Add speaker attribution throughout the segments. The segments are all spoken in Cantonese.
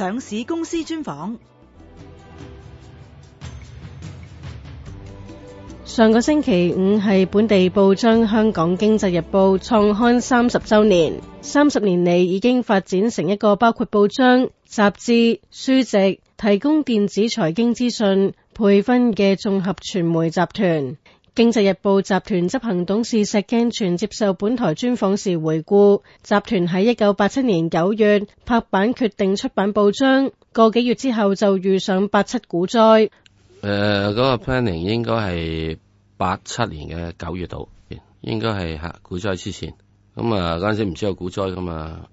Speaker 1: 上市公司專訪。上個星期五係本地報章《香港經濟日報》創刊三十週年。三十年嚟已經發展成一個包括報章、雜誌、書籍，提供電子財經資訊、培訓嘅綜合傳媒集團。經濟日報集團執行董事石鏡泉接受本台專訪時回顧，集團喺一九八七年九月拍板決定出版報章，個幾月之後就遇上八七股災。
Speaker 2: 誒、呃，嗰、那個 planning 應該係八七年嘅九月度，應該係吓股災之前。咁啊，嗰陣時唔知有股災噶嘛？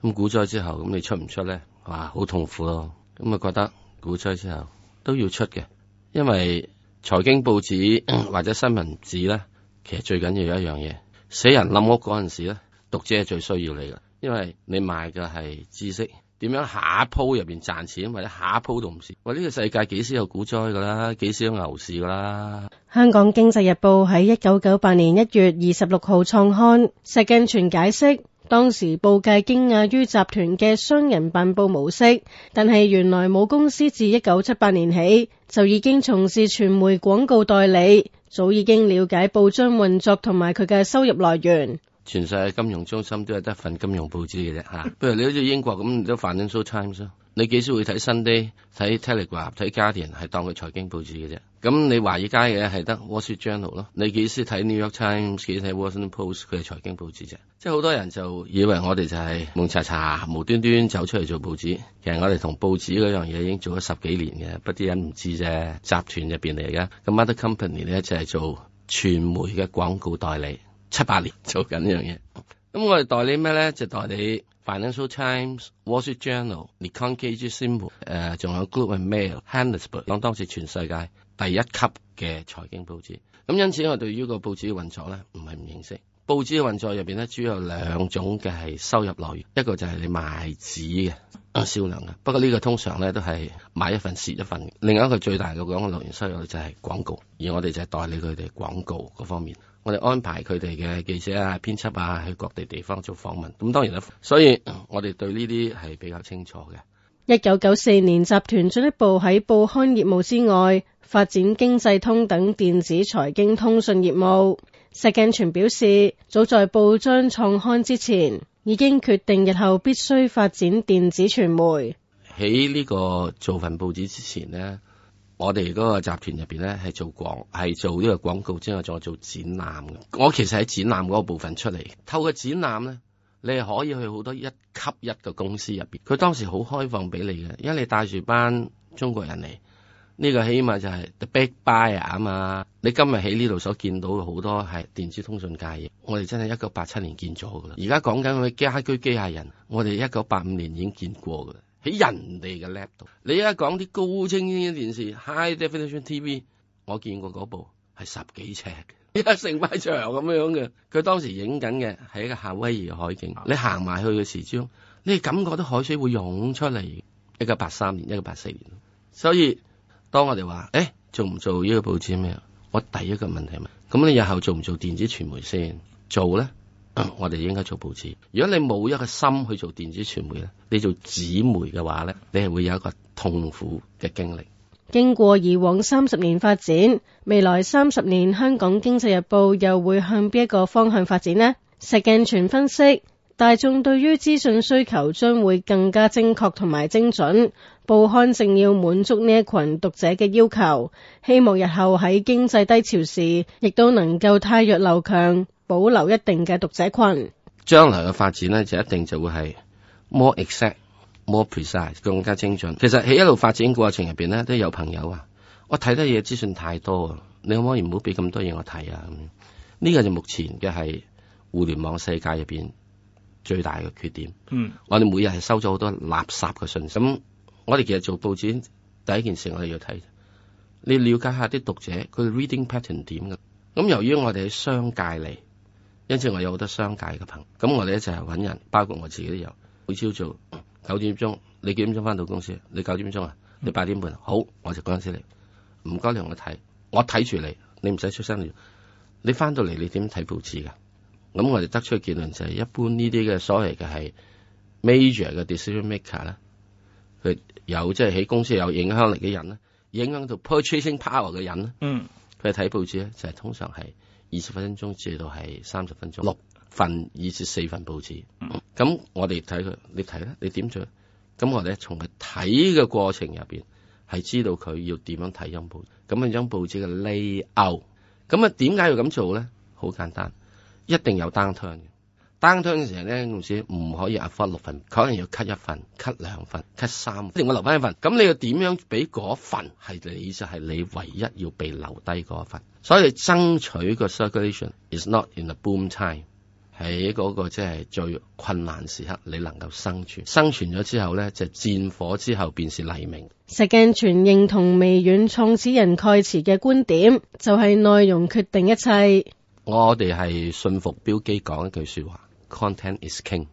Speaker 2: 咁股災之後，咁你出唔出咧？哇，好痛苦咯。咁啊，覺得股災之後都要出嘅，因為。財經報紙或者新聞紙咧，其實最緊要有一樣嘢，死人冧屋嗰陣時咧，讀者係最需要你噶，因為你賣嘅係知識，點樣下一鋪入邊賺錢或者下一鋪都唔知。喂，呢、這個世界幾少有股災噶啦，幾少有牛市噶啦。
Speaker 1: 香港經濟日報喺一九八八年一月二十六號創刊，石鏡泉解釋。當時報界驚訝於集團嘅商人辦報模式，但係原來母公司自一九七八年起就已經從事傳媒廣告代理，早已經了解報章運作同埋佢嘅收入來源。
Speaker 2: 全世界金融中心都係得份金融報紙嘅啫，吓。不如你好似英國咁，都 Financial Times 你幾時會睇 Sunday 睇 Telegraph、睇家庭，係當佢財經報紙嘅啫。咁你華爾街嘅係得《Wall Street Journal》咯，你幾時睇《New York Times》？幾時睇《Washington Post》？佢係財經報紙啫。即係好多人就以為我哋就係蒙查查，無端端走出嚟做報紙。其實我哋同報紙嗰樣嘢已經做咗十幾年嘅，不啲人唔知啫。集團入邊嚟嘅，咁 Mother Company 咧就係做傳媒嘅廣告代理，七八年做緊呢樣嘢。咁我哋代理咩咧？就代理《Financial Times》、《Wall Street Journal》、《The Conquered》先盤，誒仲有《Globe and Mail》、《Hannasburg》，當當時全世界。第一級嘅財經報紙，咁因此我對於個報紙嘅運作咧，唔係唔認識。報紙嘅運作入邊咧，主要有兩種嘅係收入來源，一個就係你賣紙嘅銷量嘅。不過呢個通常咧都係賣一份蝕一份。另一個最大嘅嗰個來源收入就係廣告，而我哋就係代理佢哋廣告嗰方面，我哋安排佢哋嘅記者啊、編輯啊去各地地方做訪問。咁當然啦，所以我哋對呢啲係比較清楚嘅。
Speaker 1: 一九九四年，集團進一步喺報刊業務之外發展經濟通等電子財經通訊業務。石鏡泉表示，早在報章創刊之前，已經決定日後必須發展電子傳媒。
Speaker 2: 喺呢個做份報紙之前呢，我哋嗰個集團入邊呢係做廣，係做呢個廣告之後再做，做展覽。我其實喺展覽嗰部分出嚟，透過展覽咧。你可以去好多一級一嘅公司入邊，佢當時好開放俾你嘅，因為你帶住班中國人嚟，呢個起碼就係 the big buyer 啊嘛。你今日喺呢度所見到嘅好多係電子通訊界嘢，我哋真係一九八七年見咗噶啦。而家講緊嘅家居機械人，我哋一九八五年已經見過噶啦，喺人哋嘅 lab 度。你而家講啲高清，清電視 high definition TV，我見過嗰部係十幾尺。而家 成塊場咁樣嘅，佢當時影緊嘅係一個夏威夷嘅海景。你行埋去嘅時候，你感覺到海水會湧出嚟。一九八三年，一九八四年。所以當我哋話，誒、欸、做唔做呢個報紙咩？我第一個問題咪，咁你日後做唔做電子傳媒先？做咧， 我哋應該做報紙。如果你冇一個心去做電子傳媒咧，你做紙媒嘅話咧，你係會有一個痛苦嘅經歷。
Speaker 1: 經過以往三十年發展，未來三十年香港《經濟日報》又會向邊一個方向發展呢？石鏡泉分析，大眾對於資訊需求將會更加精確同埋精準，報刊正要滿足呢一群讀者嘅要求，希望日後喺經濟低潮時，亦都能夠汰弱留強，保留一定嘅讀者群。
Speaker 2: 將來嘅發展呢，就一定就會係 more exact。More precise 更加精準。其實喺一路發展過程入邊咧，都有朋友話，我睇得嘢資訊太多，多啊，你可唔可以唔好俾咁多嘢我睇啊？咁呢個就目前嘅係互聯網世界入邊最大嘅缺點。嗯，我哋每日係收咗好多垃圾嘅訊息。咁我哋其實做報紙第一件事我哋要睇，你了解下啲讀者佢 reading pattern 點嘅。咁由於我哋喺商界嚟，因此我有好多商界嘅朋友。咁我哋一齊係揾人，包括我自己都有，每朝早。九點鐘，你幾點鐘翻到公司？你九點鐘啊？你八點半？好，我就嗰陣時嚟，唔該你同我睇，我睇住你，你唔使出聲。你翻到嚟你點睇報紙㗎？咁我哋得出嘅結論就係，一般呢啲嘅所謂嘅係 major 嘅 decision maker 咧，佢有即係喺公司有影響力嘅人咧，影響到 purchasing power 嘅人咧，嗯，佢睇報紙咧就係、是、通常係二十分鐘至到係三十分鐘。份二至四份報紙，咁、嗯嗯、我哋睇佢，你睇咧，你點做？咁我哋從佢睇嘅過程入邊，係知道佢要點樣睇張報紙。咁樣張報紙嘅 layout，咁啊，點解要咁做咧？好簡單，一定有 down turn 嘅 down turn 嘅時候咧，公司唔可以 afford 六份，可能要 cut 一份、cut 兩份、cut 三，或者我留翻一份。咁你又點樣俾嗰份係？你就係、是、你唯一要被留低嗰份，所以爭取個 circulation is not in a boom time。喺嗰個即係最困難時刻，你能夠生存。生存咗之後咧，就是、戰火之後便是黎明。
Speaker 1: 石鏡泉認同微軟創始人蓋茨嘅觀點，就係、是、內容決定一切。
Speaker 2: 我哋係信服標機講一句説話，content is king。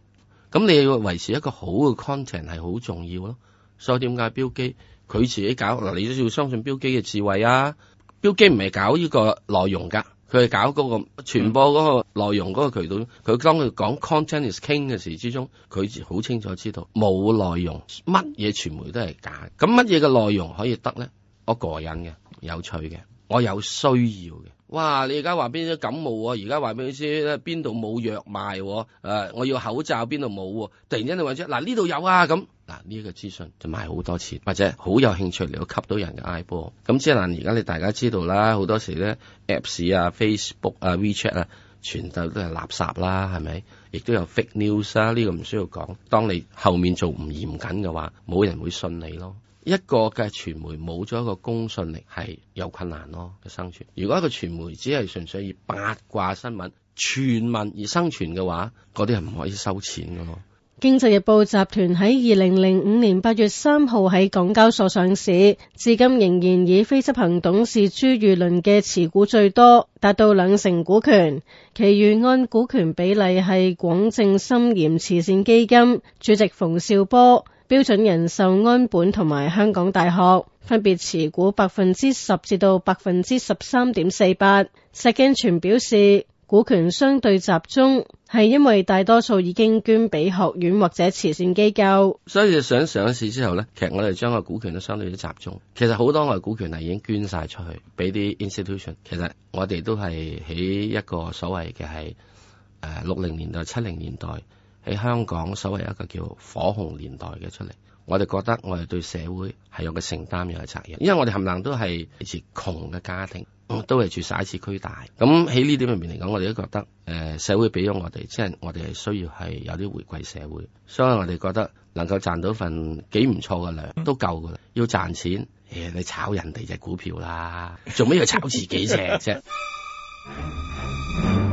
Speaker 2: 咁你要維持一個好嘅 content 係好重要咯。所以點解標機佢自己搞嗱？你都要相信標機嘅智慧啊！標機唔係搞呢個內容噶。佢係搞嗰個傳播嗰個內容嗰個渠道，佢、嗯、當佢講 content is king 嘅時之中，佢好清楚知道冇內容，乜嘢傳媒都係假。咁乜嘢嘅內容可以得咧？我個人嘅有趣嘅，我有需要嘅。哇！你而家話邊啲感冒啊？而家話俾你知咧？邊度冇藥賣，啊？誒、呃，我要口罩，邊度冇？突然之間你話嗱呢度有啊咁。呢一個資訊就賣好多錢，或者好有興趣嚟到吸到人嘅 I 波。咁即係而家你大家知道啦，好多時咧 Apps 啊、Facebook 啊、WeChat 啊，全都都係垃圾啦，係咪？亦都有 Fake News 啦、啊。呢、這個唔需要講。當你後面做唔嚴謹嘅話，冇人會信你咯。一個嘅傳媒冇咗一個公信力係有困難咯嘅生存。如果一個傳媒只係純粹以八卦新聞傳聞而生存嘅話，嗰啲係唔可以收錢嘅咯。
Speaker 1: 經濟日報集團喺二零零五年八月三號喺港交所上市，至今仍然以非執行董事朱玉倫嘅持股最多，達到兩成股權。其餘按股權比例係廣正深鹽慈善基金主席馮紹波、標準人壽安本同埋香港大學，分別持股百分之十至到百分之十三點四八。石鏡泉表示，股權相對集中，係因為大多數已經捐俾學院或者慈善機構。
Speaker 2: 所以想上市之後呢，其實我哋將個股權都相對都集中。其實好多我哋股權係已經捐晒出去，俾啲 institution。其實我哋都係喺一個所謂嘅係誒，六零年代、七零年代喺香港所謂一個叫火紅年代嘅出嚟。我哋覺得我哋對社會係有嘅承擔，有嘅責任，因為我哋冚唪唥都係似窮嘅家庭。都係住晒市區大，咁喺呢啲入面嚟講，我哋都覺得，誒、呃，社會俾咗我哋，即係我哋係需要係有啲回饋社會，所以我哋覺得能夠賺到份幾唔錯嘅糧，都夠噶啦。要賺錢，誒、欸，你炒人哋隻股票啦，做咩要炒自己隻啫？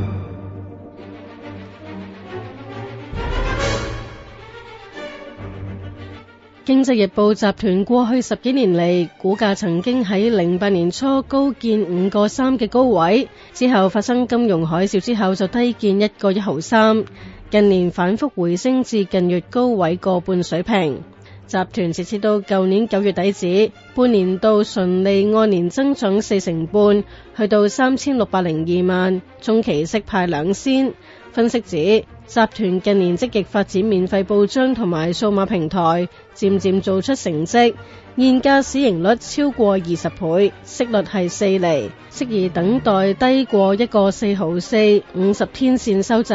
Speaker 1: 經濟日報集團過去十幾年嚟，股價曾經喺零八年初高見五個三嘅高位，之後發生金融海嘯之後就低見一個一毫三，近年反復回升至近月高位個半水平。集團截至到舊年九月底止，半年度純利按年增長四成半，去到三千六百零二萬，中期息派兩仙。分析指，集團近年積極發展免費報章同埋數碼平台，漸漸做出成績。現價市盈率超過二十倍，息率係四厘，適宜等待低過一個四毫四五十天線收集。